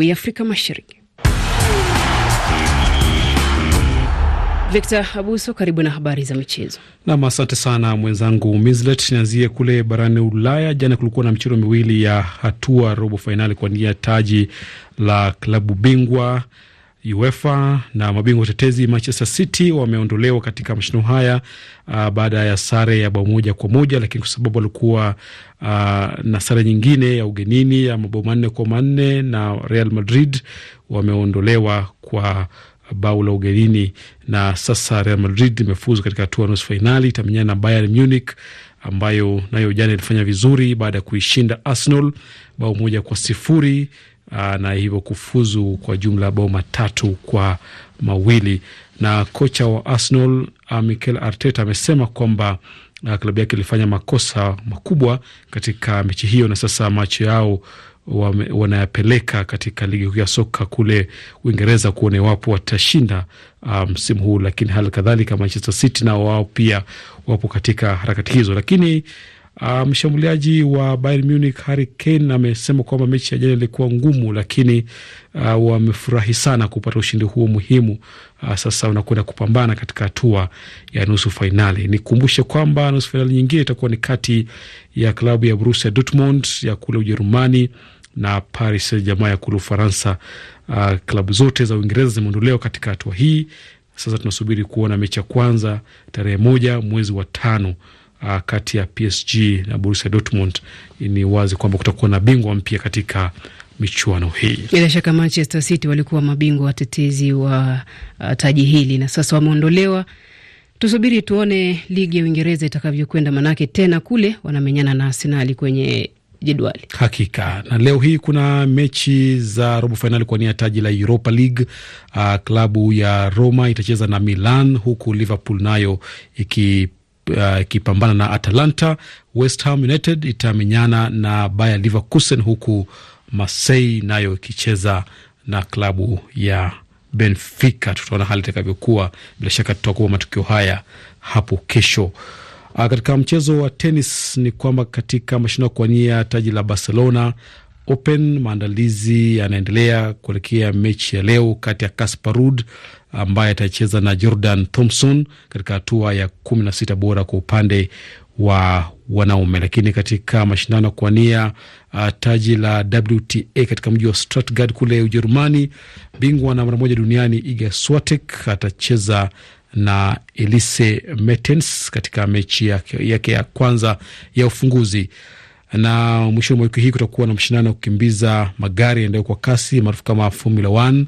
ya Afrika Mashariki. Victor Abuso, karibu na habari za michezo. Nam, asante sana mwenzangu Mislet. Nianzie kule barani Ulaya. Jana kulikuwa na michezo miwili ya hatua robo fainali kwa nia taji la klabu bingwa UEFA na mabingwa watetezi Manchester City wameondolewa katika mashindano haya uh, baada ya sare ya bao moja kwa moja, lakini kwa sababu walikuwa uh, na sare nyingine ya ugenini ya mabao manne kwa manne na Real Madrid, wameondolewa kwa bao la ugenini, na sasa Real Madrid imefuzu katika hatua nusu fainali, itamenyana na Bayern Munich ambayo nayo jana ilifanya vizuri baada ya kuishinda Arsenal bao moja kwa sifuri Ah, na hivyo kufuzu kwa jumla bao matatu kwa mawili. Na kocha wa Arsenal ah, Mikel Arteta amesema kwamba ah, klabu yake ilifanya makosa makubwa katika mechi hiyo, na sasa macho yao wanayapeleka katika ligi kuu ya soka kule Uingereza kuona iwapo watashinda msimu um, huu. Lakini hali kadhalika Manchester City nao wao pia wapo katika harakati hizo, lakini Uh, mshambuliaji wa Bayern Munich Harry Kane amesema kwamba mechi ya jana ilikuwa ngumu, lakini uh, wamefurahi sana kupata ushindi huo muhimu. Uh, sasa wanakwenda kupambana katika hatua ya nusu fainali. Nikumbushe kwamba nusu fainali nyingine itakuwa ni kati ya klabu ya Borussia Dortmund ya kule Ujerumani na Paris Saint-Germain ya kule Ufaransa. Uh, klabu zote za Uingereza zimeondolewa katika hatua hii. Sasa tunasubiri kuona mechi ya kwanza tarehe moja mwezi wa tano uh, kati ya PSG na Borussia Dortmund, ni wazi kwamba kutakuwa na bingwa mpya katika michuano hii. Bila shaka Manchester City walikuwa mabingwa watetezi wa uh, taji hili na sasa wameondolewa. Tusubiri tuone ligi ya Uingereza itakavyokwenda, manake tena kule wanamenyana na Arsenali kwenye jedwali hakika. Na leo hii kuna mechi za robo fainali kwa nia taji la Europa League. Uh, klabu ya Roma itacheza na Milan huku Liverpool nayo iki Uh, ikipambana uh, na Atalanta. West Ham United itamenyana na Bayer Leverkusen, huku Marseille nayo ikicheza na klabu ya Benfica. Tutaona hali itakavyokuwa, bila shaka tutakuwa matukio haya hapo kesho. Uh, katika mchezo wa tenis ni kwamba katika mashindano ya kuwania taji la Barcelona Open. Maandalizi yanaendelea kuelekea mechi ya leo kati ya Casper Ruud ambaye atacheza na Jordan Thompson katika hatua ya kumi na sita bora kwa upande wa wanaume. Lakini katika mashindano ya kuwania uh, taji la WTA katika mji wa Stuttgart kule Ujerumani, bingwa nambari moja duniani Iga Swiatek atacheza na Elise Mertens katika mechi yake ya kwanza ya ufunguzi na mwishoni mwa wiki hii kutakuwa na mshindano wa kukimbiza magari yaendayo kwa kasi maarufu kama Formula 1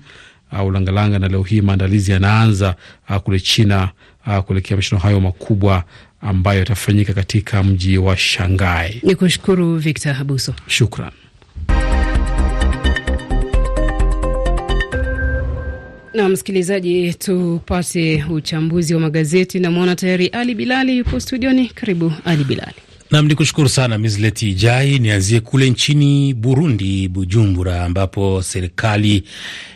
au uh, langalanga, na leo hii maandalizi yanaanza uh, kule China uh, kuelekea mashindano hayo makubwa ambayo yatafanyika katika mji wa Shanghai. Ni kushukuru Victor Habuso, shukran. Na msikilizaji, tupate uchambuzi wa magazeti. Namwona tayari Ali Bilali yupo studioni. Karibu Ali Bilali. Nam ni kushukuru sana Misleti Ijai. Nianzie kule nchini Burundi, Bujumbura, ambapo serikali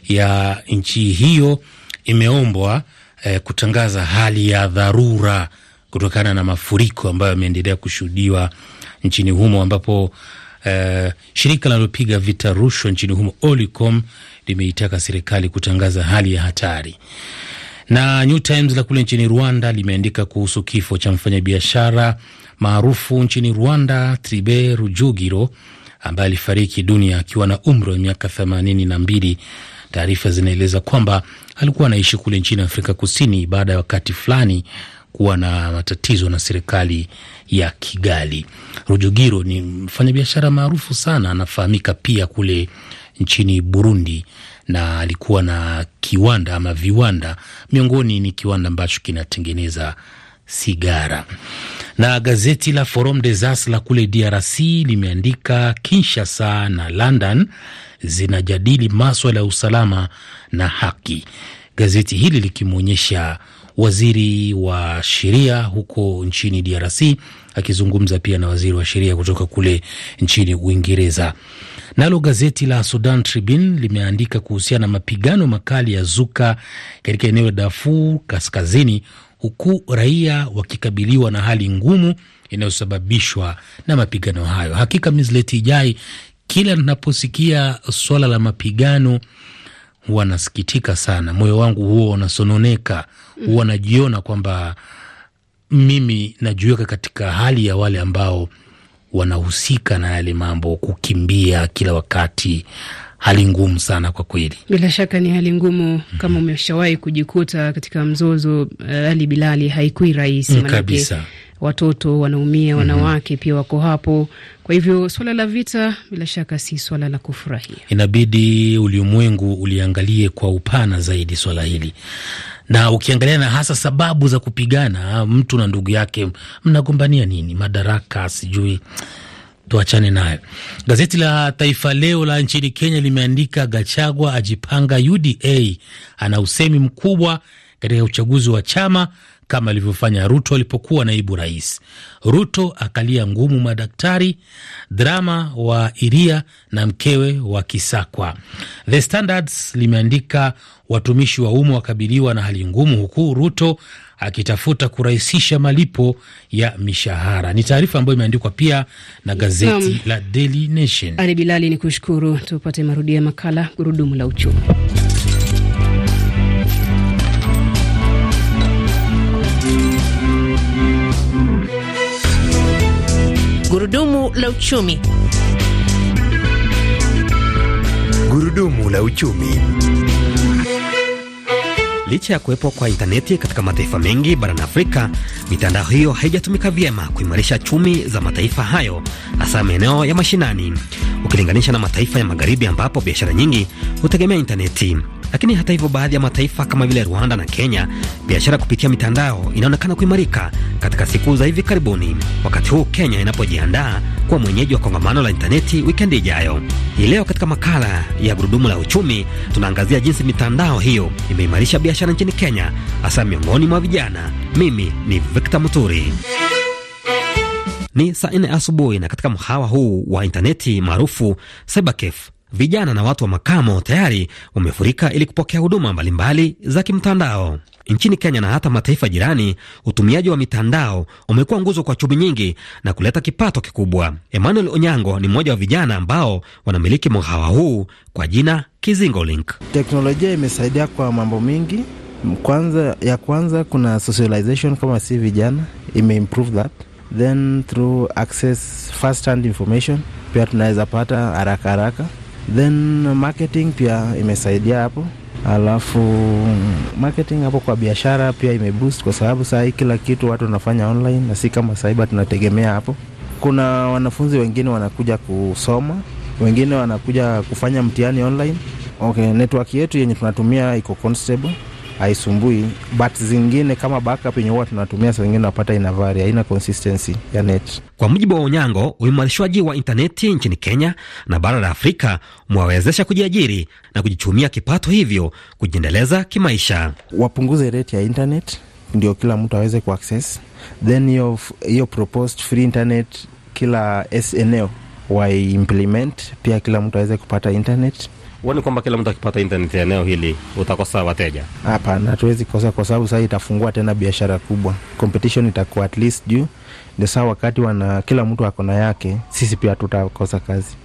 ya nchi hiyo imeombwa eh, kutangaza hali ya dharura kutokana na mafuriko ambayo yameendelea kushuhudiwa nchini humo, ambapo eh, shirika linalopiga vita rushwa nchini humo Olicom limeitaka serikali kutangaza hali ya hatari na New Times la kule nchini Rwanda limeandika kuhusu kifo cha mfanyabiashara maarufu nchini Rwanda, Tribe Rujugiro ambaye alifariki dunia akiwa na umri wa miaka themanini na mbili. Taarifa zinaeleza kwamba alikuwa anaishi kule nchini Afrika Kusini baada ya wakati fulani kuwa na matatizo na serikali ya Kigali. Rujugiro ni mfanyabiashara maarufu sana, anafahamika pia kule nchini Burundi na alikuwa na kiwanda ama viwanda, miongoni ni kiwanda ambacho kinatengeneza sigara. Na gazeti la Forum des As la kule DRC limeandika Kinshasa na London zinajadili maswala ya usalama na haki, gazeti hili likimwonyesha waziri wa sheria huko nchini DRC akizungumza pia na waziri wa sheria kutoka kule nchini Uingereza. Nalo gazeti la Sudan Tribune limeandika kuhusiana na mapigano makali ya zuka katika eneo la Darfur kaskazini huku raia wakikabiliwa na hali ngumu inayosababishwa na mapigano hayo. Hakika Mizleti Ijai, kila ninaposikia swala la mapigano huwa nasikitika sana, moyo wangu huwa unasononeka, huwa najiona kwamba mimi najiweka katika hali ya wale ambao wanahusika na yale mambo, kukimbia kila wakati hali ngumu sana kwa kweli. Bila shaka ni hali ngumu mm -hmm. Kama umeshawahi kujikuta katika mzozo eh, Ali Bilali, haikui rahisi mm, kabisa. Watoto wanaumia, mhm. wanawake mm -hmm. pia wako hapo. Kwa hivyo swala la vita bila shaka si swala la kufurahia, inabidi ulimwengu uliangalie kwa upana zaidi swala hili, na ukiangalia na hasa sababu za kupigana, mtu na ndugu yake mnagombania nini? Madaraka, sijui tuachane nayo. Gazeti la Taifa Leo la nchini Kenya limeandika Gachagua ajipanga, UDA ana usemi mkubwa katika uchaguzi wa chama kama alivyofanya Ruto alipokuwa naibu rais. Ruto akalia ngumu madaktari, drama wa Iria na mkewe wa Kisakwa. The Standards limeandika watumishi wa umma wakabiliwa na hali ngumu, huku Ruto akitafuta kurahisisha malipo ya mishahara. Ni taarifa ambayo imeandikwa pia na gazeti um, la Daily Nation. Ali Bilali, ni kushukuru. Tupate marudio ya makala gurudumu la uchumi. Gurudumu la uchumi. Gurudumu la uchumi. Licha ya kuwepo kwa intaneti katika mataifa mengi barani Afrika, mitandao hiyo haijatumika vyema kuimarisha chumi za mataifa hayo, hasa maeneo ya mashinani, ukilinganisha na mataifa ya magharibi ambapo biashara nyingi hutegemea intaneti. Lakini hata hivyo, baadhi ya mataifa kama vile Rwanda na Kenya, biashara kupitia mitandao inaonekana kuimarika katika siku za hivi karibuni, wakati huu Kenya inapojiandaa kuwa mwenyeji wa kongamano la intaneti wikendi ijayo. Hii leo katika makala ya gurudumu la uchumi tunaangazia jinsi mitandao hiyo imeimarisha biashara nchini Kenya, hasa miongoni mwa vijana. Mimi ni Victor Muturi. Ni saa nne asubuhi na katika mhawa huu wa intaneti maarufu Cybercafe vijana na watu wa makamo tayari wamefurika ili kupokea huduma mbalimbali za kimtandao. Nchini Kenya na hata mataifa jirani, utumiaji wa mitandao umekuwa nguzo kwa chumi nyingi na kuleta kipato kikubwa. Emmanuel Onyango ni mmoja wa vijana ambao wanamiliki mgahawa huu kwa jina Kizingo Link. Teknolojia imesaidia kwa mambo mingi. Kwanza, ya kwanza kuna socialization kama si vijana, imeimprove that then through access first hand information, pia tunaweza pata haraka haraka then uh, marketing pia imesaidia hapo alafu marketing hapo kwa biashara pia imeboost kwa sababu saa kila kitu watu wanafanya online na si kama saiba tunategemea hapo kuna wanafunzi wengine wanakuja kusoma wengine wanakuja kufanya mtihani online okay network yetu yenye tunatumia iko constable haisumbui, but zingine kama backup yenye huwa tunatumia saa zingine napata inavari, haina consistency ya net. Kwa mujibu wa Unyango, uimarishwaji wa intaneti nchini Kenya na bara la Afrika umewawezesha kujiajiri na kujichumia kipato, hivyo kujiendeleza kimaisha. Wapunguze rate ya internet ndio kila mtu aweze kuaccess, then hiyo proposed free internet kila eneo waimplement, pia kila mtu aweze kupata internet Huoni kwamba kila mtu akipata intaneti ya eneo hili utakosa wateja? Hapana, hatuwezi kosa, kwa sababu sasa itafungua tena biashara kubwa, competition itakuwa at least juu ndio saa wakati wana kila mtu ako na yake, sisi pia tutakosa kazi,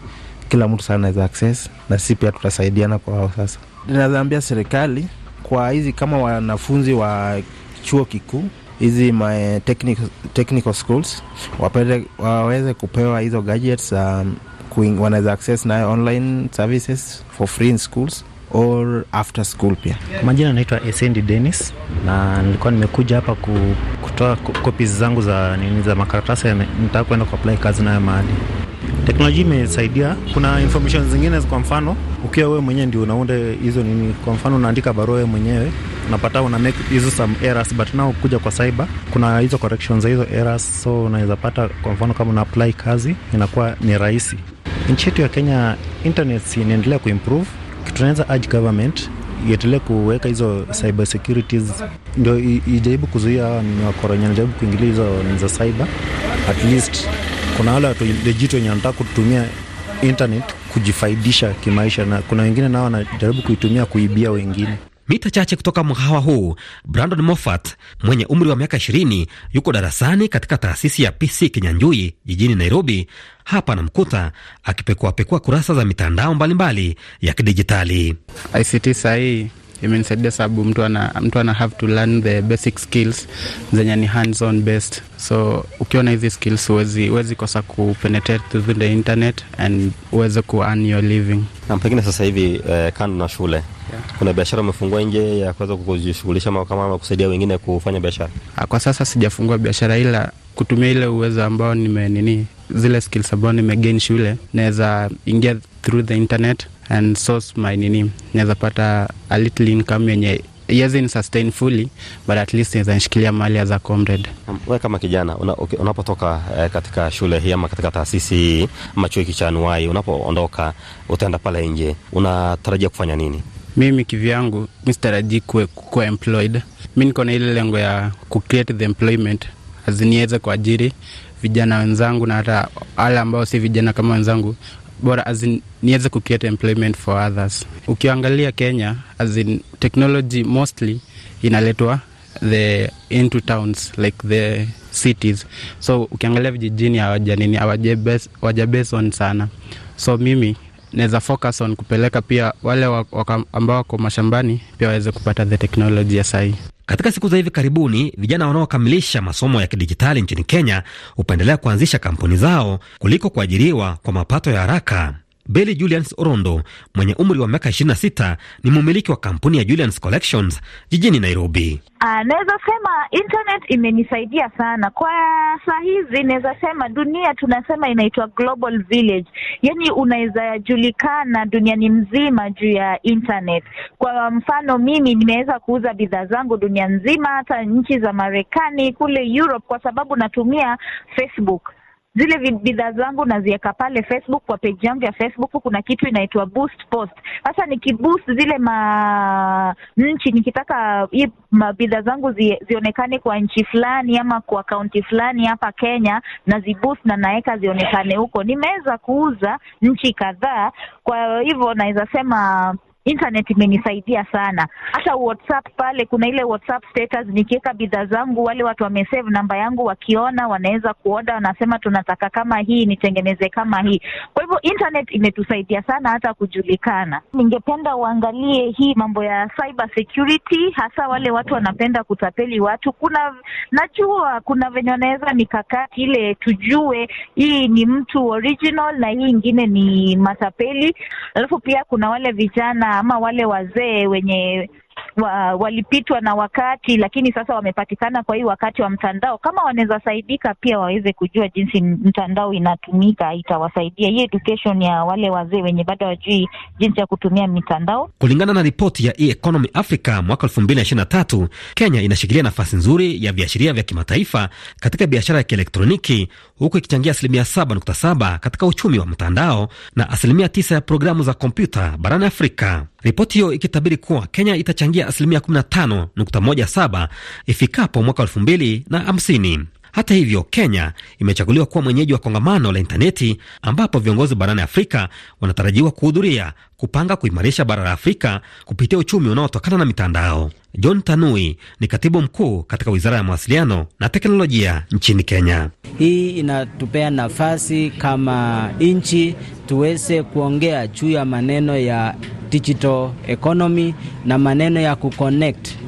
kila mtu sana anaweza access na sisi pia tutasaidiana kwa wao. Sasa ninaambia serikali kwa hizi kama wanafunzi wa chuo kikuu hizi my eh, technical, technical schools wapede, waweze kupewa hizo gadgets um, wanaweza access nayo online services for free in schools or after school pia. Majina anaitwa Esendi Dennis na nilikuwa nimekuja hapa ku, kutoa kopi zangu za nini za makaratasi nitaka kwenda kuapply kazi nayo mahali. Teknolojia imesaidia. Kuna information zingine, kwa mfano ukiwa wewe mwenyewe ndio unaunda hizo nini, kwa mfano unaandika barua wewe mwenyewe unapata una make hizo some errors, but now kuja kwa cyber kuna hizo corrections za hizo errors, so unaweza pata, kwa mfano kama una apply kazi inakuwa ni rahisi. Nchi yetu ya Kenya internet inaendelea kuimprove. Tunaweza urge government iendelee kuweka hizo cyber securities, ndio ijaribu kuzuia ni wakoronya, najaribu kuingilia hizo za cyber. At least kuna wale watu legit wenye wanataka kutumia internet kujifaidisha kimaisha, na kuna wengine nao wanajaribu kuitumia kuibia wengine. Mita chache kutoka mhawa huu, Brandon Moffat mwenye umri wa miaka 20 yuko darasani katika taasisi ya PC Kinyanjui jijini Nairobi, hapa anamkuta akipekuapekua kurasa za mitandao mbalimbali mbali ya kidijitali. ICT sahii imenisaidia sababu mtu ana, mtu ana have to learn the basic skills zenye ni hands on based, so ukiwa na hizi skills huwezi huwezi kosa kupenetrate through the internet and uweze ku earn your living. Na pengine sasa hivi eh, kando na shule yeah, kuna biashara umefungua nje ya kuweza kujishughulisha kama kusaidia wengine kufanya biashara? Ah, kwa sasa sijafungua biashara, ila kutumia ile uwezo ambao nime nini zile skills ambayo nimegain shule naweza ingia through the internet and source my nini, naweza pata a little income yenye yes sustain fully but at least naweza nishikilia mali as a comrade. Um, wewe kama kijana unapotoka una, eh, katika shule hii ama katika taasisi hii ama chuo hiki cha anuai, unapoondoka utaenda pale nje, unatarajia kufanya nini? Mimi kivyangu mistaraji sitarajii kuwa employed. Mi niko na ile lengo ya kucreate the employment aziniweze kuajiri vijana wenzangu na hata wale ambao si vijana kama wenzangu bora azin niweze kucreate employment for others. Ukiangalia Kenya azin technology mostly inaletwa the into towns like the cities, so ukiangalia vijijini hawajanini hawajabson sana, so mimi naweza focus on kupeleka pia wale waka, ambao wako mashambani pia waweze kupata the technology ya sahii. Katika siku za hivi karibuni, vijana wanaokamilisha masomo ya kidijitali nchini Kenya hupendelea kuanzisha kampuni zao kuliko kuajiriwa kwa mapato ya haraka. Beli Julians Orondo mwenye umri wa miaka 26 ni mumiliki wa kampuni ya Julians Collections jijini Nairobi. Ah, naweza sema internet imenisaidia sana kwa saa hizi. Naweza sema dunia tunasema inaitwa global village, yani unaweza julikana duniani mzima juu ya internet. Kwa mfano mimi nimeweza kuuza bidhaa zangu dunia nzima, hata nchi za Marekani, kule Europe, kwa sababu natumia Facebook zile bidhaa zangu naziweka pale Facebook, kwa page yangu ya Facebook kuna kitu inaitwa boost post. Sasa nikiboost zile ma nchi, nikitaka hii bidhaa zangu zi, zionekane kwa nchi fulani ama kwa kaunti fulani hapa Kenya, naziboost na naweka zionekane huko. Nimeweza kuuza nchi kadhaa, kwa hivyo naweza sema internet imenisaidia sana, hata WhatsApp pale kuna ile WhatsApp status, nikiweka bidhaa zangu, wale watu wamesave namba yangu, wakiona wanaweza kuoda, wanasema tunataka kama hii, nitengeneze kama hii. Kwa hivyo internet imetusaidia sana hata kujulikana. Ningependa uangalie hii mambo ya cyber security, hasa wale watu wanapenda kutapeli watu. Kuna najua kuna venye wanaweza mikakati ile, tujue hii ni mtu original na hii ingine ni matapeli. Alafu pia kuna wale vijana ama wale wazee wenye wa, walipitwa na wakati lakini sasa wamepatikana kwa hii wakati wa mtandao, kama wanaweza saidika pia waweze kujua jinsi mtandao inatumika, itawasaidia hii education ya wale wazee wenye bado wajui jinsi ya kutumia mitandao. Kulingana na ripoti ya e-Economy Africa mwaka elfu mbili na ishirini na tatu, Kenya inashikilia nafasi nzuri ya viashiria vya kimataifa katika biashara ya kielektroniki huku ikichangia asilimia 7.7 katika uchumi wa mtandao na asilimia 9 ya programu za kompyuta barani Afrika. Ripoti hiyo ikitabiri kuwa Kenya itachangia asilimia 15.17 ifikapo mwaka 2050. Hata hivyo, Kenya imechaguliwa kuwa mwenyeji wa kongamano la intaneti ambapo viongozi barani Afrika wanatarajiwa kuhudhuria kupanga kuimarisha bara la Afrika kupitia uchumi unaotokana na mitandao. John Tanui ni katibu mkuu katika Wizara ya Mawasiliano na Teknolojia nchini Kenya. Hii inatupea nafasi kama nchi tuweze kuongea juu ya maneno ya digital economy na maneno ya kuconnect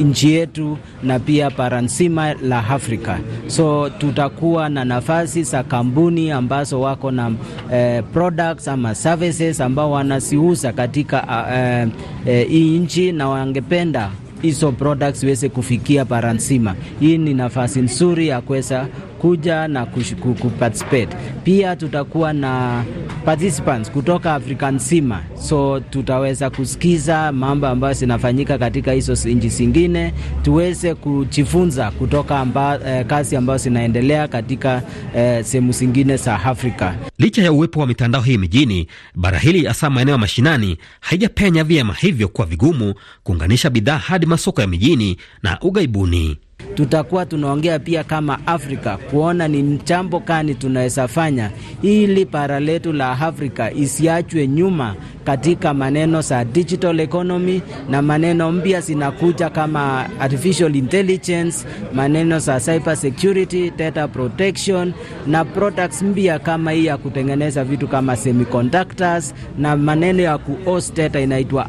nchi yetu na pia bara nzima la Afrika. So tutakuwa na nafasi za kampuni ambazo wako na eh, products ama services ambao wanasiuza katika ah, eh, eh, hii nchi na wangependa hizo products ziweze kufikia bara nzima. Hii ni nafasi nzuri ya kuweza kuja na kuparticipate. Pia tutakuwa na participants kutoka Afrika nzima, so tutaweza kusikiza mambo ambayo zinafanyika katika hizo nchi zingine, tuweze kujifunza kutoka amba, eh, kazi ambayo zinaendelea katika eh, sehemu zingine za Afrika. Licha ya uwepo wa mitandao hii mijini, bara hili hasa maeneo ya mashinani haijapenya vyema, hivyo kuwa vigumu kuunganisha bidhaa hadi masoko ya mijini na ughaibuni. Tutakuwa tunaongea pia kama Afrika kuona ni mchambo kani tunaweza fanya ili bara letu la Afrika isiachwe nyuma katika maneno za digital economy na maneno mpya zinakuja kama artificial intelligence, maneno za cyber security, data protection na products mpya kama hii ya kutengeneza vitu kama semiconductors na maneno ya kuhost data inaitwa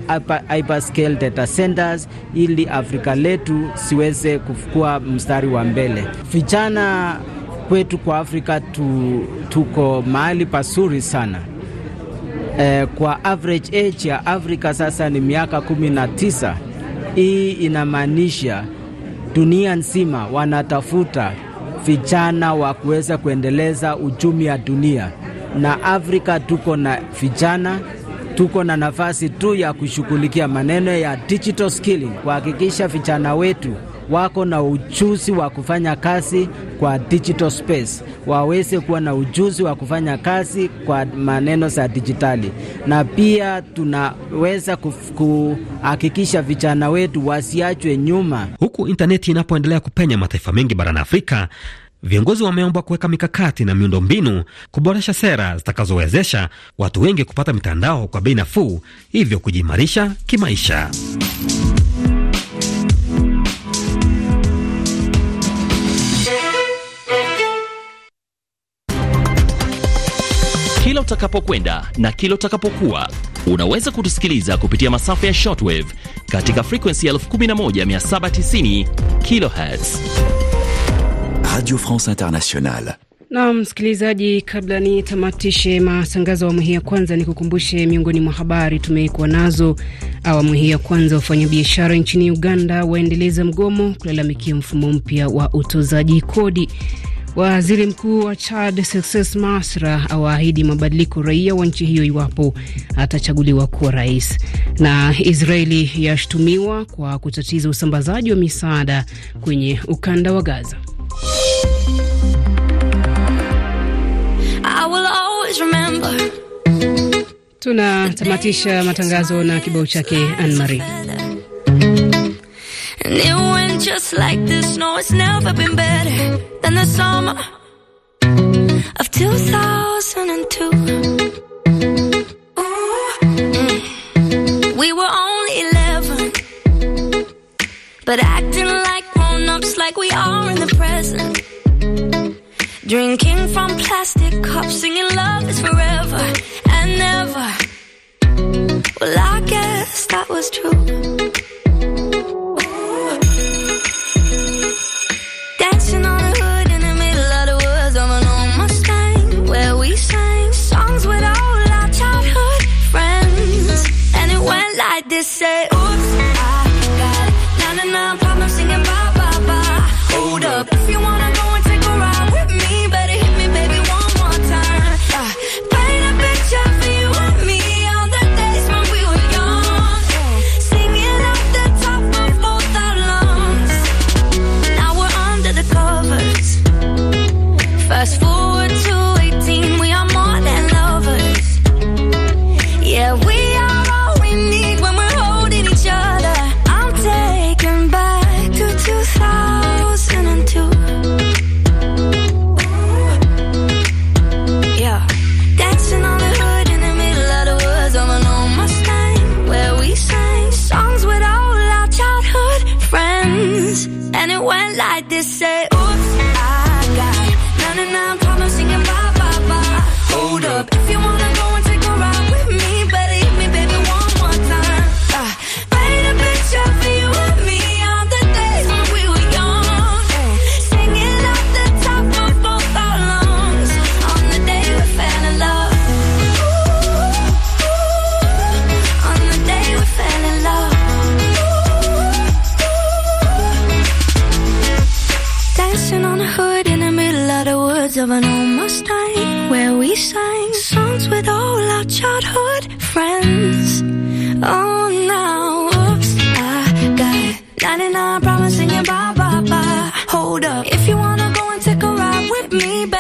hyperscale data centers, ili Afrika letu siweze kufukua mstari wa mbele. Vijana kwetu kwa Afrika tu, tuko mahali pazuri sana eh, kwa average age ya Afrika sasa ni miaka 19 Hii inamaanisha dunia nzima wanatafuta vijana wa kuweza kuendeleza uchumi wa dunia, na Afrika tuko na vijana, tuko na nafasi tu ya kushughulikia maneno ya digital skilling, kuhakikisha vijana wetu wako na ujuzi wa kufanya kazi kwa digital space, waweze kuwa na ujuzi wa kufanya kazi kwa maneno za dijitali, na pia tunaweza kuhakikisha vijana wetu wasiachwe nyuma. Huku intaneti inapoendelea kupenya mataifa mengi barani Afrika, viongozi wameombwa kuweka mikakati na miundombinu kuboresha sera zitakazowezesha watu wengi kupata mitandao kwa bei nafuu, hivyo kujiimarisha kimaisha. kila utakapokwenda na kila utakapokuwa. Unaweza kutusikiliza kupitia masafa ya shortwave katika frequency 11790 kilohertz. Radio France Internationale. Na msikilizaji, kabla ni tamatishe matangazo awamu hii ya kwanza, kukumbushe miongoni mwa habari tumekuwa nazo awamu hii ya kwanza. Wafanyabiashara nchini Uganda waendeleza mgomo kulalamikia mfumo mpya wa utozaji kodi. Waziri Mkuu wa Chad Success Masra awaahidi mabadiliko raia wa nchi hiyo iwapo atachaguliwa kuwa rais. Na Israeli yashutumiwa kwa kutatiza usambazaji wa misaada kwenye ukanda wa Gaza. Tunatamatisha matangazo na kibao chake Anmarie. And it went just like this. No, it's never been better than the summer of 2002. Mm. We were only 11, but acting like grown ups, like we are in the present. Drinking from plastic cups, singing love is forever and never. Well, I guess that was true. say, oops, I got nine nine problems singing bye bye bye. Hold up, if you wanna go and take a ride with me, better hit me, baby, one more time. I paint a picture for you and me on the days when we were young, singing up the top of both our lungs. Now we're under the covers. Fast forward.